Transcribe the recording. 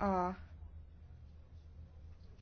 a